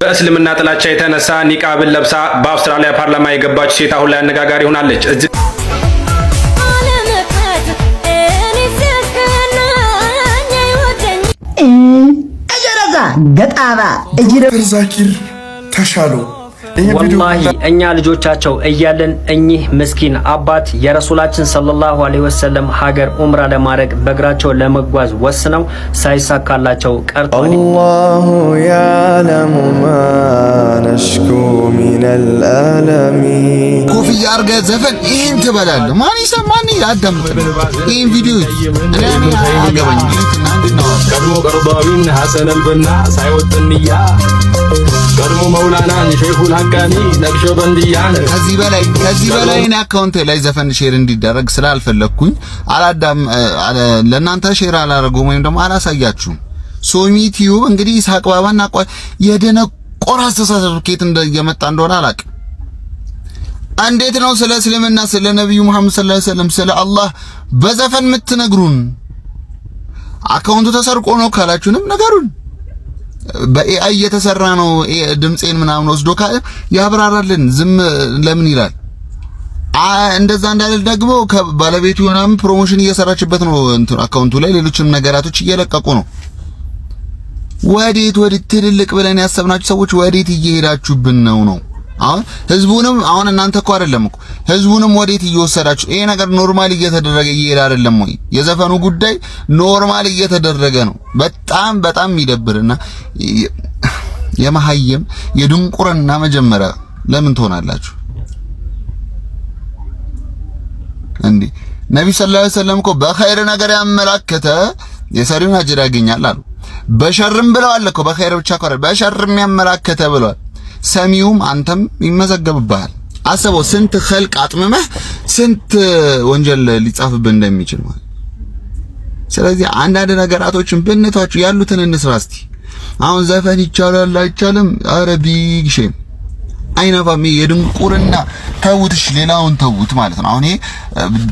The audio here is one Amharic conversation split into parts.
በእስልምና ጥላቻ የተነሳ ኒቃብን ለብሳ በአውስትራሊያ ፓርላማ የገባች ሴት አሁን ላይ አነጋጋሪ ሆናለች። ገጣባ ዶክተር ዛኪር ተሻለው ወላሂ እኛ ልጆቻቸው እያለን እኚህ ምስኪን አባት የረሱላችን ሰለላሁ ዐለይሂ ወሰለም ሀገር ኡምራ ለማድረግ በእግራቸው ለመጓዝ ወስነው ሳይሳካላቸው ቀርቷል። አላሁ ያዕለሙ ማ ሚነል አለሚ። ኮፍያ አድርገህ ዘፈን ይህን ትበላለህ። ማን ይሰማን? አዳምጥ ይህን ቪዲዮ ቀድሞ ቀርባዊን ሐሰነል በና ሳይወጥንያ ቀድሞ መውላናን ሼኹና ከዚህ በላይ ከዚህ በላይ እኔ አካውንቴ ላይ ዘፈን ሼር እንዲደረግ ስላልፈለግኩኝ አላዳም ለእናንተ ሼር አላደረገውም ወይም ደግሞ አላሳያችሁም። ሶሚ ቲዩብ እንግዲህ ይስሐቅ ባባና ቋ የደነቆረ አስተሳሰብ እንደሆነ አላቅ እንዴት ነው ስለ እስልምና ስለ ነብዩ መሐመድ ሰለላሁ ዐለይሂ ወሰለም ስለ አላህ በዘፈን የምትነግሩን? አካውንቱ ተሰርቆ ነው ካላችሁንም ነገሩን በኤአይ እየተሰራ ነው ድምጼን ምናምን ወስዶ ካለ ያብራራልን። ዝም ለምን ይላል? እንደዛ እንዳልል ደግሞ ከባለቤቱ ምናምን ፕሮሞሽን እየሰራችበት ነው አካውንቱ ላይ ሌሎችም ነገራቶች እየለቀቁ ነው። ወዴት ወዴት ትልልቅ ብለን ያሰብናችሁ ሰዎች ወዴት እየሄዳችሁብን ነው ነው አሁን ህዝቡንም አሁን እናንተ እኮ አይደለም እኮ ህዝቡንም ወዴት እየወሰዳችሁ ይሄ ነገር ኖርማል እየተደረገ እየሄደ አይደለም ወይ? የዘፈኑ ጉዳይ ኖርማል እየተደረገ ነው። በጣም በጣም የሚደብርና የመሀየም የድንቁርና መጀመሪያ ለምን ትሆናላችሁ እንዴ? ነብዩ ሰለላሁ ዐለይሂ ወሰለም እኮ በኸይር ነገር ያመላከተ የሰሪውን አጅር ያገኛል አሉ። በሸርም ብለዋል እኮ በኸይር ብቻ በሸርም ያመላከተ ብለዋል። ሰሚውም አንተም ይመዘገብብሃል። አስበው ስንት ኸልቅ አጥምመህ ስንት ወንጀል ሊጻፍብህ እንደሚችል ማለት። ስለዚህ አንዳንድ ነገራቶችን ብንቷቸው ያሉትን እንስራ እስቲ። አሁን ዘፈን ይቻላል አይቻልም? አረ ቢግ ሼም አይነፋም። የድንቁርና ተውትሽ፣ ሌላውን ተውት ማለት ነው። አሁን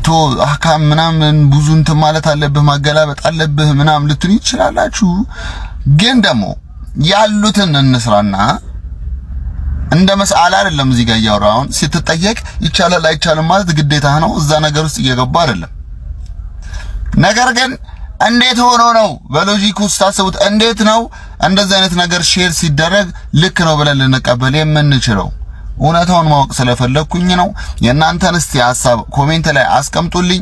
ቶ አካም ምናምን ብዙ እንትን ማለት አለብህ ማገላበጥ አለብህ ምናምን ልትሉ ይችላላችሁ። ግን ደግሞ ያሉትን እንስራና እንደ መስአል አይደለም። እዚህ ጋር እያወራሁ አሁን ስትጠየቅ ይቻላል አይቻልም ማለት ግዴታ ነው። እዛ ነገር ውስጥ እየገባ አይደለም። ነገር ግን እንዴት ሆኖ ነው በሎጂክ ውስጥ ታስቡት፣ እንዴት ነው እንደዚህ አይነት ነገር ሼር ሲደረግ ልክ ነው ብለን ልንቀበል የምንችለው? እውነታውን ማወቅ ስለፈለኩኝ ነው። የእናንተን እስቲ ሀሳብ ኮሜንት ላይ አስቀምጡልኝ።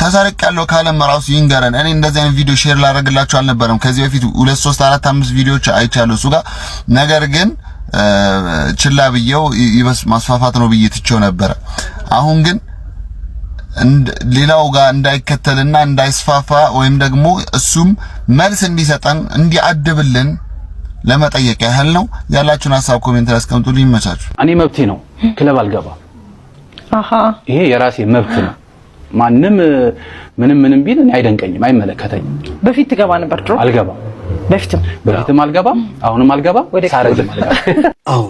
ተሰርቅ ያለው ካለም ራሱ ይንገረን። እኔ እንደዚህ አይነት ቪዲዮ ሼር ላደርግላችሁ አልነበረም። ከዚህ በፊት ሁለት ሶስት አራት አምስት ቪዲዮዎች አይቻለሁ እሱ ጋር ነገር ግን ችላ ብየው ማስፋፋት ነው ብዬ ትቼው ነበረ። አሁን ግን ሌላው ጋር እንዳይከተልና እንዳይስፋፋ ወይም ደግሞ እሱም መልስ እንዲሰጠን እንዲያድብልን ለመጠየቅ ያህል ነው። ያላችሁን ሀሳብ ኮሜንት ላይ አስቀምጡልኝ። ሊመቻችሁ። እኔ መብቴ ነው ክለብ አልገባም። አሃ ይሄ የራሴ መብት ነው። ማንም ምንም ምንም ቢል አይደንቀኝም፣ አይመለከተኝም። በፊት ትገባ ነበር፣ ድሮ አልገባም በፊትም በፊትም አልገባም፣ አሁንም አልገባም። አዎ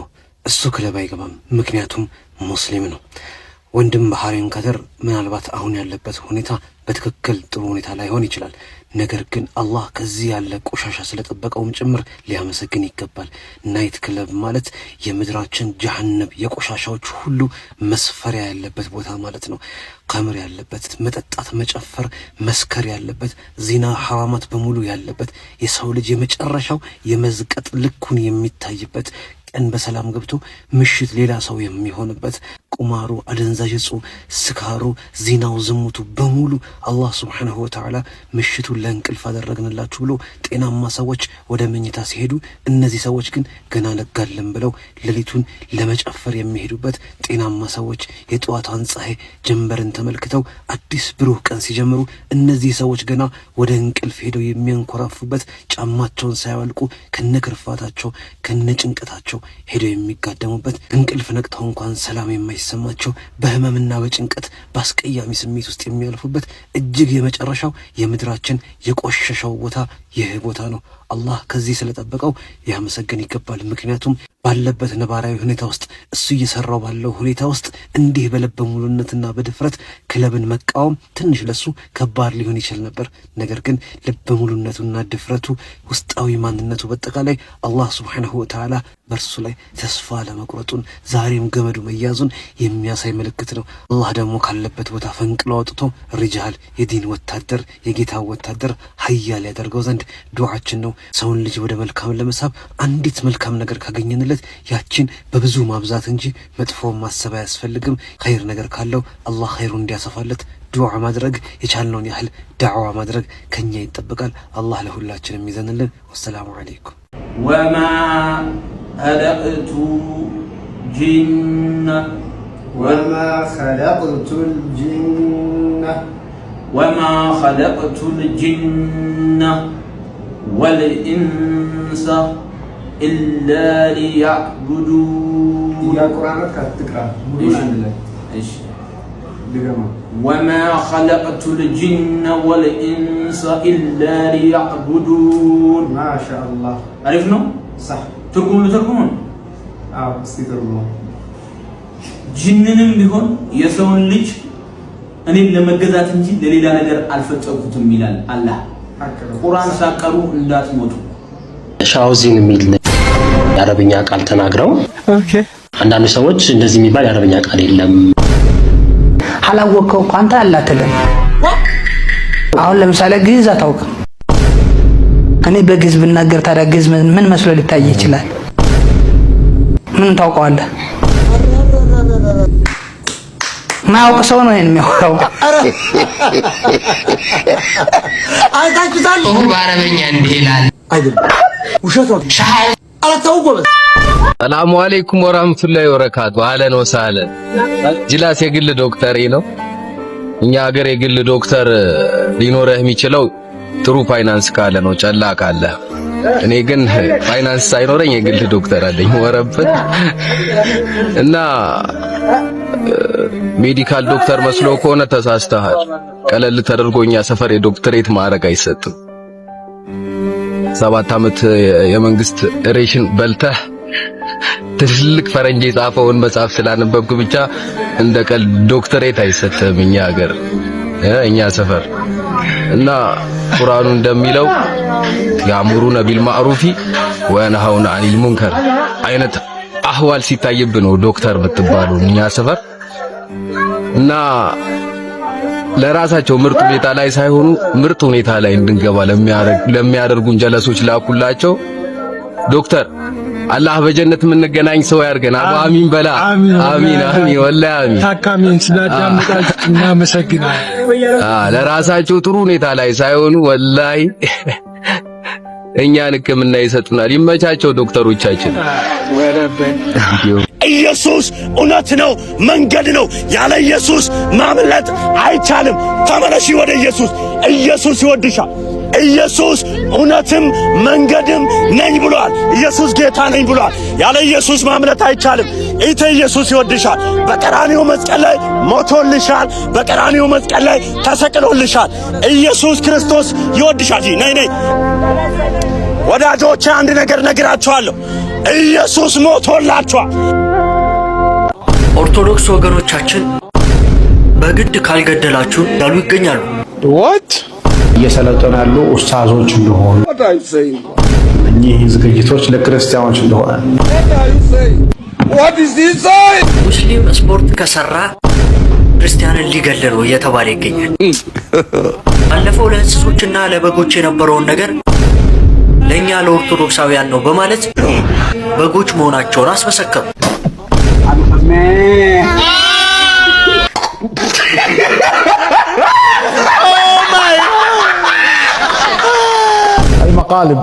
እሱ ክለብ አይገባም፣ ምክንያቱም ሙስሊም ነው። ወንድም ባህሪን ከድር ምናልባት አሁን ያለበት ሁኔታ በትክክል ጥሩ ሁኔታ ላይሆን ይችላል። ነገር ግን አላህ ከዚህ ያለ ቆሻሻ ስለጠበቀውም ጭምር ሊያመሰግን ይገባል። ናይት ክለብ ማለት የምድራችን ጀሀነም የቆሻሻዎች ሁሉ መስፈሪያ ያለበት ቦታ ማለት ነው። ከምር ያለበት፣ መጠጣት፣ መጨፈር፣ መስከር ያለበት፣ ዜና ሐራማት በሙሉ ያለበት፣ የሰው ልጅ የመጨረሻው የመዝቀጥ ልኩን የሚታይበት ቀን በሰላም ገብቶ ምሽት ሌላ ሰው የሚሆንበት ቁማሩ፣ አደንዛዥ እጹ፣ ስካሩ፣ ዚናው፣ ዝሙቱ በሙሉ አላህ ስብሓነሁ ወተዓላ ምሽቱን ለእንቅልፍ አደረግንላችሁ ብሎ ጤናማ ሰዎች ወደ መኝታ ሲሄዱ፣ እነዚህ ሰዎች ግን ገና ነጋለን ብለው ሌሊቱን ለመጨፈር የሚሄዱበት ጤናማ ሰዎች የጠዋቷን ፀሐይ ጀንበርን ተመልክተው አዲስ ብሩህ ቀን ሲጀምሩ፣ እነዚህ ሰዎች ገና ወደ እንቅልፍ ሄደው የሚያንኮራፉበት ጫማቸውን ሳያወልቁ ከነ ክርፋታቸው ከነ ጭንቀታቸው ሄደው የሚጋደሙበት እንቅልፍ ነቅተው እንኳን ሰላም የማይሰማቸው በህመምና በጭንቀት በአስቀያሚ ስሜት ውስጥ የሚያልፉበት እጅግ የመጨረሻው የምድራችን የቆሸሸው ቦታ ይህ ቦታ ነው። አላህ ከዚህ ስለጠበቀው ያመሰገን ይገባል። ምክንያቱም ባለበት ነባራዊ ሁኔታ ውስጥ እሱ እየሰራው ባለው ሁኔታ ውስጥ እንዲህ በልበ ሙሉነትና በድፍረት ክለብን መቃወም ትንሽ ለሱ ከባድ ሊሆን ይችል ነበር። ነገር ግን ልበ ሙሉነቱና ድፍረቱ፣ ውስጣዊ ማንነቱ በአጠቃላይ አላህ ሱብሓነሁ ወተዓላ በእርሱ ላይ ተስፋ ለመቁረጡን ዛሬም ገመዱ መያዙን የሚያሳይ ምልክት ነው። አላህ ደግሞ ካለበት ቦታ ፈንቅሎ አውጥቶ ሪጃል የዲን ወታደር የጌታ ወታደር ሀያል ያደርገው ዘንድ ዱዓችን ነው። ሰውን ልጅ ወደ መልካም ለመሳብ አንዲት መልካም ነገር ካገኘንለት ያችን በብዙ ማብዛት እንጂ መጥፎ ማሰብ አያስፈልግም። ኸይር ነገር ካለው አላህ ኸይሩ እንዲያሰፋለት ዱዓ ማድረግ የቻልነውን ያህል ዳዕዋ ማድረግ ከኛ ይጠበቃል። አላህ ለሁላችንም ይዘንልን። ወሰላሙ አለይኩም ወማ خلقت الجن وما خلقت الجن وما خلقت الجن والإنس إلا ليعبدون يا قرآن تقرأ إيش وما خلقت الجن والإنس إلا ليعبدون ما شاء الله عرفنا صح ትርጉም ትርጉሙ። ጅንንም ቢሆን የሰውን ልጅ እኔን ለመገዛት እንጂ ለሌላ ነገር አልፈጠርኩትም ይላል አላህ። ቁርአን ሳቀሩ እንዳትሞቱ ሻውዚን የሚል የአረብኛ ቃል ተናግረው አንዳንድ ሰዎች እንደዚህ የሚባል የአረብኛ ቃል የለም አላወቀው እኮ አንተ አላትልም። አሁን ለምሳሌ ግዕዝ አታውቅም እኔ በግዕዝ ብናገር ታዲያ ግዕዝ ምን መስሎ ሊታይ ይችላል? ምን ታውቀዋለህ? ማያውቅ ሰው ነው ይሄን የሚያውቀው። አይታችሁታል። በአረበኛ እንዲህ ይላል አይደል? ውሸት ነው። ሻይ ሰላሙ አለይኩም ወራህመቱላሂ ወበረካቱ። አለን ወሳለን። ጅላስ የግል ዶክተር ነው። እኛ ሀገር የግል ዶክተር ሊኖረህ የሚችለው ጥሩ ፋይናንስ ካለ ነው፣ ጨላ ካለ። እኔ ግን ፋይናንስ ሳይኖረኝ የግል ዶክተር አለኝ ወረብን እና ሜዲካል ዶክተር መስሎ ከሆነ ተሳስተሃል። ቀለል ተደርጎኛ ሰፈር የዶክተሬት ማዕረግ አይሰጥም። ሰባት ዓመት የመንግስት ሬሽን በልተህ ትልቅ ፈረንጅ የጻፈውን መጽሐፍ ስላነበብክ ብቻ እንደ ቀልድ ዶክተሬት አይሰጥም እኛ ሀገር እኛ ሰፈር እና ቁርአኑ እንደሚለው ያእምሩነ ቢልማዕሩፊ ወየንሀውነ አኒል ሙንከር አይነት አህዋል ሲታይብ ነው ዶክተር የምትባሉ እኛ ሰፈር እና ለራሳቸው ምርጥ ሁኔታ ላይ ሳይሆኑ ምርጥ ሁኔታ ላይ እንድንገባ ለሚያደርጉን ጀለሶች ላኩላቸው ዶክተር አላህ በጀነት የምንገናኝ ሰው ያድርገን። አሚን በላ አሚን፣ አሚን ወላሂ አሚን። ታካሚን ስላዳመጣችሁ እናመሰግናለን። ለራሳቸው ጥሩ ሁኔታ ላይ ሳይሆኑ ወላሂ እኛን ሕክምና ይሰጡናል። ይመቻቸው ዶክተሮቻችን። ኢየሱስ እውነት ነው፣ መንገድ ነው። ያለ ኢየሱስ ማምለጥ አይቻልም። ተመለሺ ወደ ኢየሱስ። ኢየሱስ ይወድሻል። ኢየሱስ እውነትም መንገድም ነኝ ብሏል። ኢየሱስ ጌታ ነኝ ብሏል። ያለ ኢየሱስ ማምለት አይቻልም። ኢተ ኢየሱስ ይወድሻል። በቀራኒው መስቀል ላይ ሞቶልሻል። በቀራኒው መስቀል ላይ ተሰቅሎልሻል። ኢየሱስ ክርስቶስ ይወድሻል። ነይ ነይ ወዳጆቼ አንድ ነገር ነግራችኋለሁ። ኢየሱስ ሞቶላችኋል። ኦርቶዶክስ ወገኖቻችን በግድ ካልገደላችሁ ያሉ ይገኛሉ። እየሰለጠኑ ኡስታዞች እንደሆኑ እኚህ ዝግጅቶች ለክርስቲያኖች እንደሆነ ሙስሊም ስፖርት ከሰራ ክርስቲያንን ሊገል ነው እየተባለ ይገኛል። ባለፈው ለእንስሶችና ለበጎች የነበረውን ነገር ለእኛ ለኦርቶዶክሳውያን ነው በማለት በጎች መሆናቸውን አስመሰከሩ። መቃልብ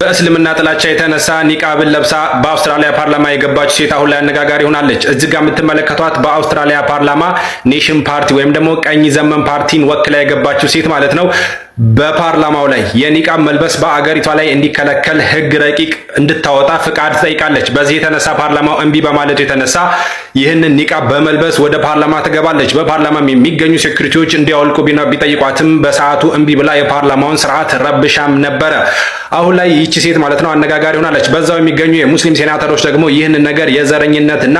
በእስልምና ጥላቻ የተነሳ ኒቃብን ለብሳ በአውስትራሊያ ፓርላማ የገባች ሴት አሁን ላይ አነጋጋሪ ሆናለች። እዚህ ጋር የምትመለከቷት በአውስትራሊያ ፓርላማ ኔሽን ፓርቲ ወይም ደግሞ ቀኝ ዘመን ፓርቲን ወክላ የገባችው ሴት ማለት ነው። በፓርላማው ላይ የኒቃብ መልበስ በአገሪቷ ላይ እንዲከለከል ህግ ረቂቅ እንድታወጣ ፍቃድ ትጠይቃለች። በዚህ የተነሳ ፓርላማው እምቢ በማለቱ የተነሳ ይህንን ኒቃብ በመልበስ ወደ ፓርላማ ትገባለች። በፓርላማ የሚገኙ ሴኩሪቲዎች እንዲያወልቁ ቢጠይቋትም በሰዓቱ እምቢ ብላ የፓርላማውን ስርዓት ረብሻም ነበረ። አሁን ላይ ይቺ ሴት ማለት ነው አነጋጋሪ ሆናለች። በዛው የሚገኙ የሙስሊም ሴናተሮች ደግሞ ይህንን ነገር የዘረኝነት እና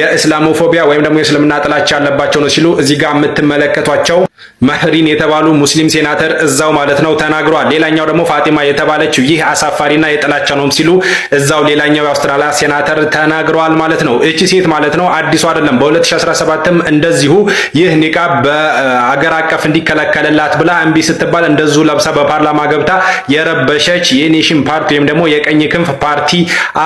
የእስላሞፎቢያ ወይም ደግሞ የእስልምና ጥላቻ ያለባቸው ነው ሲሉ እዚህ ጋር የምትመለከቷቸው መህሪን የተባሉ ሙስሊም ሴናተር እዛው ማለት ነው ተናግሯል። ሌላኛው ደግሞ ፋቲማ የተባለችው ይህ አሳፋሪና የጥላቻ ነው ሲሉ እዛው ሌላኛው የአውስትራሊያ ሴናተር ተናግረዋል ማለት ነው። እቺ ሴት ማለት ነው አዲሱ አይደለም። በ2017ም እንደዚሁ ይህ ኒቃብ በአገር አቀፍ እንዲከለከልላት ብላ እምቢ ስትባል እንደዚሁ ለብሳ በፓርላማ ገብታ የረበሸች የኔሽን ፓርቲ ወይም ደግሞ የቀኝ ክንፍ ፓርቲ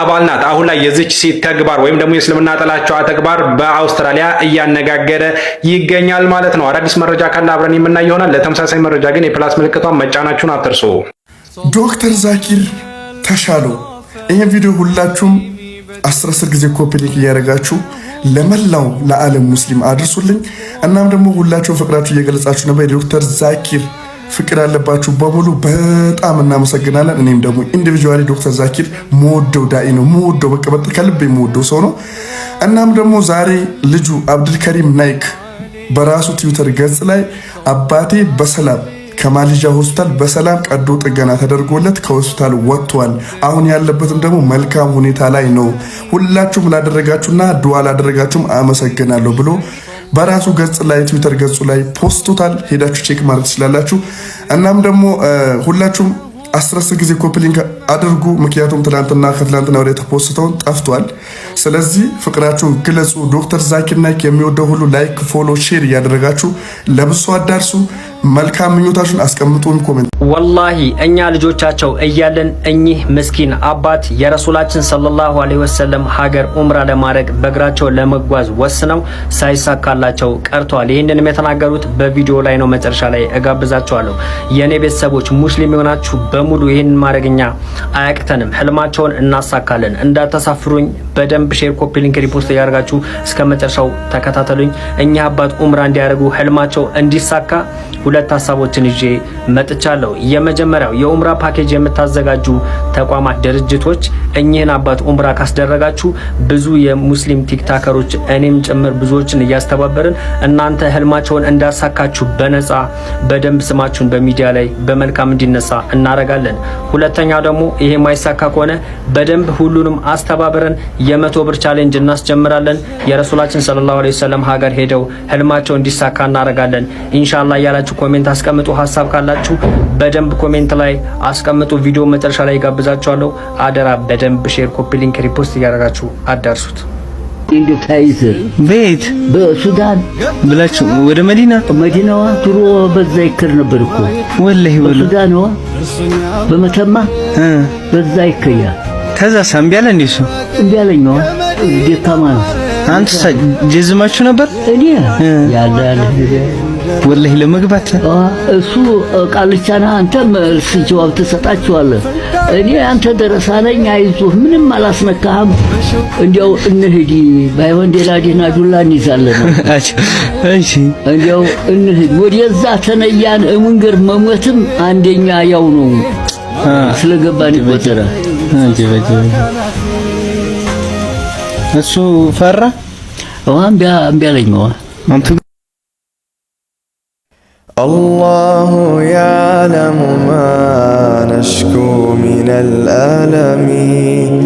አባል ናት። አሁን ላይ የዚች ሴት ተግባር ወይም ደግሞ የእስልምና ጥላቻ ተግባር በአውስትራሊያ እያነጋገረ ይገኛል ማለት ነው። አዳዲስ መረጃ እንዳለ አብረን የምናይ ይሆናል። ለተመሳሳይ መረጃ ግን የፕላስ ምልክቷን መጫናችሁን አትርሱ። ዶክተር ዛኪር ተሻሉ ይህን ቪዲዮ ሁላችሁም አስር አስር ጊዜ ኮፕሊክ እያደረጋችሁ ለመላው ለዓለም ሙስሊም አድርሱልኝ። እናም ደግሞ ሁላችሁ ፍቅራችሁ እየገለጻችሁ ነበር። የዶክተር ዛኪር ፍቅር ያለባችሁ በሙሉ በጣም እናመሰግናለን። እኔም ደግሞ ኢንዲቪዥዋሊ ዶክተር ዛኪር መወደው ዳኢ ነው መወደው በቀበጥ ከልብ የመወደው ሰው ነው። እናም ደግሞ ዛሬ ልጁ አብዱልከሪም ናይክ በራሱ ትዊተር ገጽ ላይ አባቴ በሰላም ከማሊጃ ሆስፒታል በሰላም ቀዶ ጥገና ተደርጎለት ከሆስፒታል ወጥቷል። አሁን ያለበትም ደግሞ መልካም ሁኔታ ላይ ነው። ሁላችሁም ላደረጋችሁና ድዋ ላደረጋችሁም አመሰግናለሁ ብሎ በራሱ ገጽ ላይ ትዊተር ገጹ ላይ ፖስቶታል። ሄዳችሁ ቼክ ማለት ትችላላችሁ። እናም ደግሞ ሁላችሁም አስረስ ጊዜ ኮፕሊንግ አድርጉ። ምክንያቱም ትናንትና ከትናንትና ወደ ተፖስተውን ጠፍቷል። ስለዚህ ፍቅራችሁን ግለጹ። ዶክተር ዛኪር ናይክ የሚወደው ሁሉ ላይክ፣ ፎሎ፣ ሼር እያደረጋችሁ ለብሶ አዳርሱ። መልካም ምኞታችሁን አስቀምጡን ኮሜንት ወላሂ እኛ ልጆቻቸው እያለን እኚህ ምስኪን አባት የረሱላችን ሰለላሁ ዐለይሂ ወሰለም ሀገር ኡምራ ለማድረግ በእግራቸው ለመጓዝ ወስነው ሳይሳካላቸው ቀርተዋል። ይህንንም የተናገሩት በቪዲዮ ላይ ነው። መጨረሻ ላይ እጋብዛቸዋለሁ። የእኔ ቤተሰቦች ሙስሊም የሆናችሁ በሙሉ ይህንን ማድረግኛ አያቅተንም፣ ህልማቸውን እናሳካለን። እንዳተሳፍሩኝ በደንብ ሼር፣ ኮፒ ሊንክ፣ ሪፖስት እያደርጋችሁ እስከ መጨረሻው ተከታተሉኝ። እኚህ አባት ኡምራ እንዲያደርጉ ህልማቸው እንዲሳካ ሁለት ሀሳቦችን ይዤ መጥቻለሁ። አለው። የመጀመሪያው የኡምራ ፓኬጅ የምታዘጋጁ ተቋማት፣ ድርጅቶች እኚህን አባት ኡምራ ካስደረጋችሁ ብዙ የሙስሊም ቲክታከሮች እኔም ጭምር ብዙዎችን እያስተባበርን እናንተ ህልማቸውን እንዳሳካችሁ በነፃ በደንብ ስማችሁን በሚዲያ ላይ በመልካም እንዲነሳ እናረጋለን። ሁለተኛው ደግሞ ይሄ ማይሳካ ከሆነ በደንብ ሁሉንም አስተባብረን የመቶ ብር ቻሌንጅ እናስጀምራለን። የረሱላችን ሰለላሁ ዐለይሂ ወሰለም ሀገር ሄደው ህልማቸው እንዲሳካ እናረጋለን። ኢንሻአላህ እያላችሁ ኮሜንት አስቀምጡ ሀሳብ ካላችሁ በደንብ ኮሜንት ላይ አስቀምጡ። ቪዲዮ መጨረሻ ላይ ጋብዛችኋለሁ። አደራ በደንብ ሼር፣ ኮፒ ሊንክ፣ ሪፖስት እያደረጋችሁ አዳርሱት። ቤት በሱዳን ብላችሁ ወደ መዲና መዲናዋ ድሮ በዛ ይከር ነበር እኮ ወላሂ ወላ ሱዳንዋ በመተማ በዛ ይከያ ከዛ ሳምቢ ያለ እንዴ እሱ እምቢ አለኝ። ደካማ ነው። አንተ ጀዝማችሁ ነበር እኔ ያለ ያለ ወላሂ ለመግባት እሱ ቃልቻና አንተ መልስ ጀዋብ ትሰጣችኋለህ። እኔ አንተ ደረሳ ነኝ፣ አይዞህ ምንም አላስነካህም። እንዲያው እንሂድ፣ ባይሆን ሌላ ዲና ዱላ እንይዛለን። እሺ እንዲያው እንሂድ ወደዛ ተነያን መንገድ መሞትም አንደኛ ያው ነው። ስለገባን ይቆጠራል። እሱ ፈራ። እምቢ አለኝ። الله يعلم ما نشكو من الألم